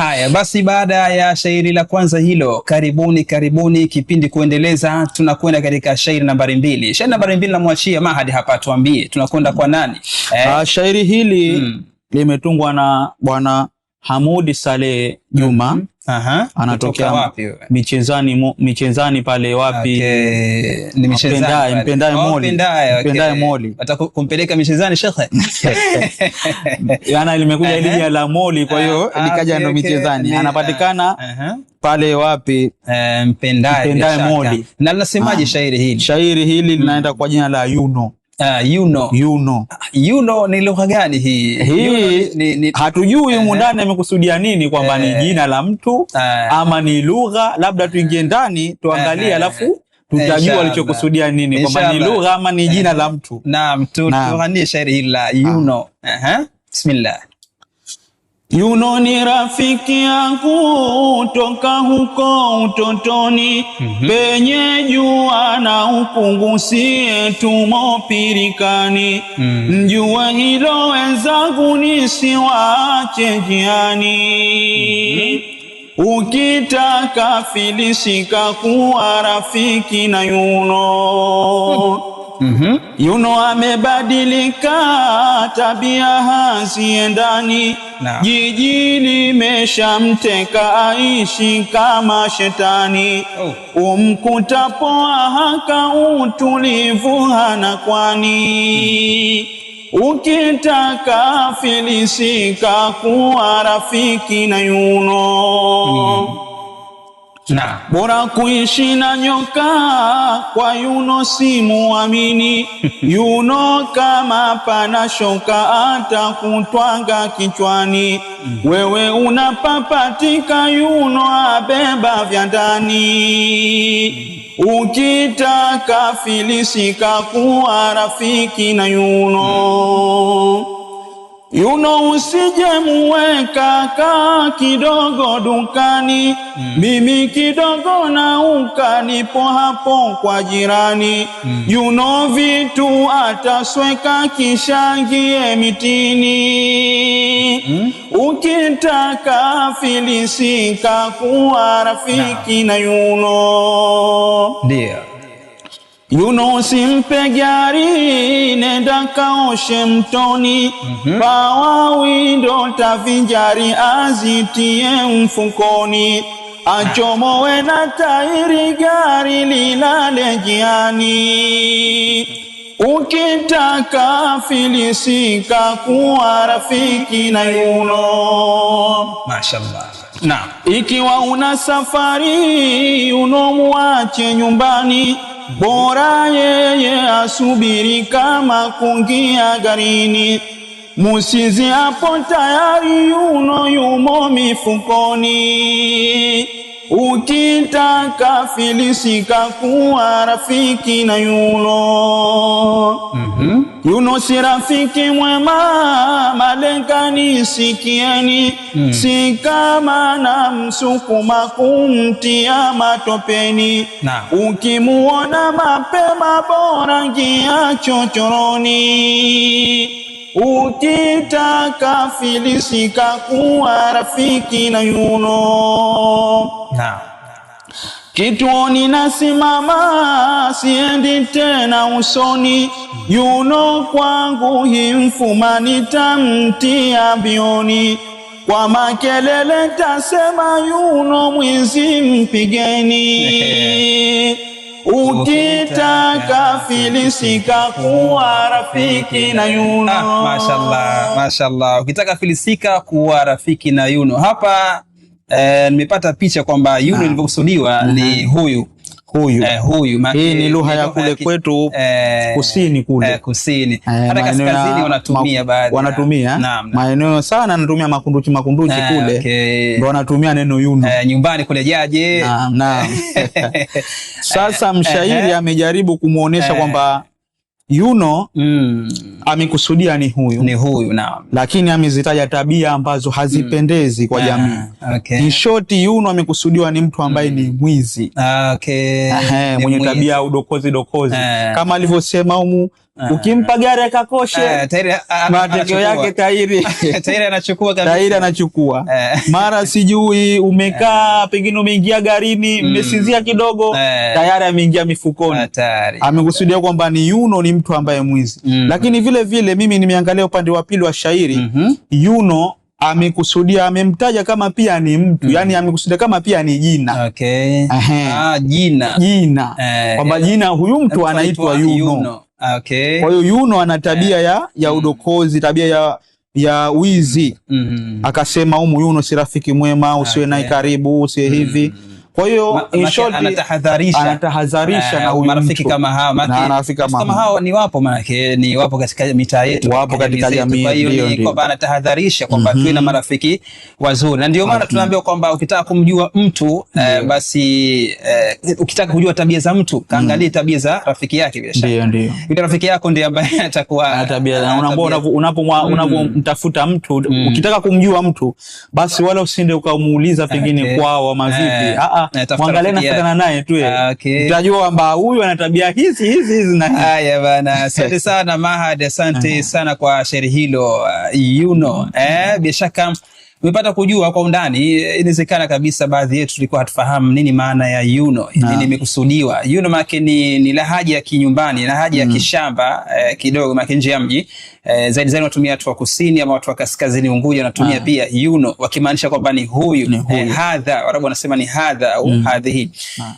Haya basi, baada ya shairi la kwanza hilo, karibuni karibuni, kipindi kuendeleza. Tunakwenda katika shairi nambari mbili. Shairi nambari mbili namwachia Mahadi hapa, tuambie tunakwenda kwa nani? Eh, ah, shairi hili hmm, limetungwa na bwana Hamudi Saleh Juma mm -hmm. Aha. Anatokea wapi? Michezani, Michezani pale wapi? Okay. Ni Michezani. Oh, mpendaye, Moli. Mpendaye, Moli. Atakumpeleka Michezani shekhe. Yana limekuja elimu ya la Moli kwa hiyo likaja ah, ndo Michezani. Anapatikana ah, pale wapi? Eh, mpendaye. Mpendaye Moli. Na linasemaje ah, shairi hili? Shairi hili linaenda kwa jina la Yuno. Uh, ni lugha gani hii? Hii ni, ni, hatujui humu eh. ndani amekusudia nini kwamba ni eh. jina la mtu eh. ama ni lugha, labda tuingie ndani tuangalie, alafu tutajua alichokusudia nini kwamba ni lugha ama ni jina la mtu. Naam, tuangalie shairi hili la yuno ah. Bismillah. Yuno ni rafiki yangu toka huko utotoni, mm -hmm. penye jua na upungusie tumo pirikani, mm -hmm. mjue hilo wenzangu, nisiwache njiani, mm -hmm. Ukitaka filisika kuwa rafiki na Yuno hmm mm -hmm. Yuno amebadilika, tabia haziendani nah. Jiji limeshamteka, aishi kama shetani oh. Umkutapo haka utulivu hana kwani mm. Ukitaka filisika, kuwa rafiki na Yuno mm. Na bora kuishi na nyoka kwa yuno si muamini, yuno kama pana shoka atakutwanga kichwani. Mm. Wewe unapapatika, yuno abeba vya ndani. Mm. Ukitaka filisika kuwa rafiki na yuno mm. Yuno usije muweka kaa kidogo dukani mm. Mimi kidogo nauka nipo hapo kwa jirani mm. Yuno vitu atasweka kishangie mitini mm. Ukitaka filisika kuwa rafiki na, na Yuno ndio Yunusi mpe gari, nenda kaoshe mtoni. mm -hmm. Pawawi tavinjari, azitie mfukoni. Achomowe na tairi, gari lilale jiani. Ukitaka filisika, kuwa rafiki na Yuno. Mashallah. Na ikiwa una safari, Yuno muache nyumbani bora yeye asubiri kama kungia garini, musizi hapo tayari yuno yumo mifukoni ukitaka filisika kuwa rafiki na yuno mm -hmm. Yuno si rafiki mwema, malengani sikieni mm. Si kama na msukuma kumtia matopeni na. Ukimuona mapema bora ngia chochoroni ukitaka filisika kuwa rafiki na Yuno na kituoni nasimama, siendi tena usoni. Yuno kwangu himfuma, nitamtia bioni. Kwa makelele tasema, Yuno mwizi mpigeni Ukitaka filisika kuwa rafiki na Yuno. Ah, mashallah, mashallah. Ukitaka filisika kuwa rafiki na Yuno. Hapa eh, nimepata picha kwamba Yuno ilivyokusudiwa ah. ni huyu huyu eh, huyu maki, hii ni lugha ya kule ki, kwetu eh, kusini kule eh, kusini eh, hata kaskazini wanatumia baadhi wanatumia maeneo sana wanatumia makunduchi makunduchi eh, kule okay. Ndio wanatumia neno yunu eh, nyumbani kule jaje naam naam. Sasa mshairi eh, amejaribu kumuonesha eh, kwamba Yuno mm. amekusudia ni huyu, ni huyu na, lakini amezitaja tabia ambazo mm. hazipendezi mm. kwa ah, jamii okay. In short Yuno amekusudiwa ni mtu ambaye mm. ni mwizi ah, okay. mwenye tabia ya udokozi dokozi, dokozi. Eh. kama alivyosema umu Ah. Ukimpa gari akakoshe, ah, ah, matokeo yake tairi tairi anachukua eh. mara sijui umekaa eh. pengine umeingia garini mm. mmesinzia kidogo, eh. tayari ameingia mifukoni. Amekusudia kwamba ni Yuno ni mtu ambaye mwizi, mm. lakini vile vile mimi nimeangalia upande wa pili wa shairi mhm. Yuno amekusudia amemtaja kama pia ni mtu mm. Yani amekusudia kama pia ni jina okay. Ah, jina jina eh, kwamba jina huyu mtu anaitwa Yuno, Yuno. Okay. Kwa hiyo Yuno ana tabia yeah. ya ya mm. udokozi, tabia ya ya wizi mm -hmm. Akasema umu Yuno si rafiki mwema, usiwe okay. naye karibu, usiwe mm -hmm. hivi kwa hiyo in anatahadharisha, anatahadharisha eh, na marafiki kama hao, kama hao ni wapo, manake ni wapo katika mitaa yetu, wapo katika jamii. Kwa hiyo ni kwamba anatahadharisha kwamba tuwe na mhm. marafiki wazuri, na ndio maana tunaambia kwamba ukitaka kumjua mtu eh, basi, eh, ukitaka kujua tabia za mtu kaangalie mhm. tabia za rafiki yake. Bila shaka ndio ndio yule rafiki yako ndiye ambaye atakuwa na tabia, unaambia mhm. unapomtafuta mtu, ukitaka kumjua mtu basi ah. wala usiende ukamuuliza pengine kwao mavipi, a a ah, ah mwangalie nafatana naye tu, utajua ah, kwamba huyu ana tabia hizi hizi hizi na haya bana. Asante sana Mahad, asante sana kwa shairi hilo, uh, you know eh, bila shaka mepata kujua kwa undani, inawezekana kabisa baadhi yetu tulikuwa hatufahamu nini maana ya yuno, nini imekusudiwa yuno. Maana ni, ni lahaja ya kinyumbani, lahaja mm. ya kishamba eh, kidogo, maana nje ya mji eh, zaidi zaidi wanatumia watu wa kusini ama watu wa kaskazini Unguja wanatumia ah. pia yuno, wakimaanisha kwamba ni huyu, ni huyu. Eh, hadha, Warabu wanasema ni hadha au mm. hadhihi ah.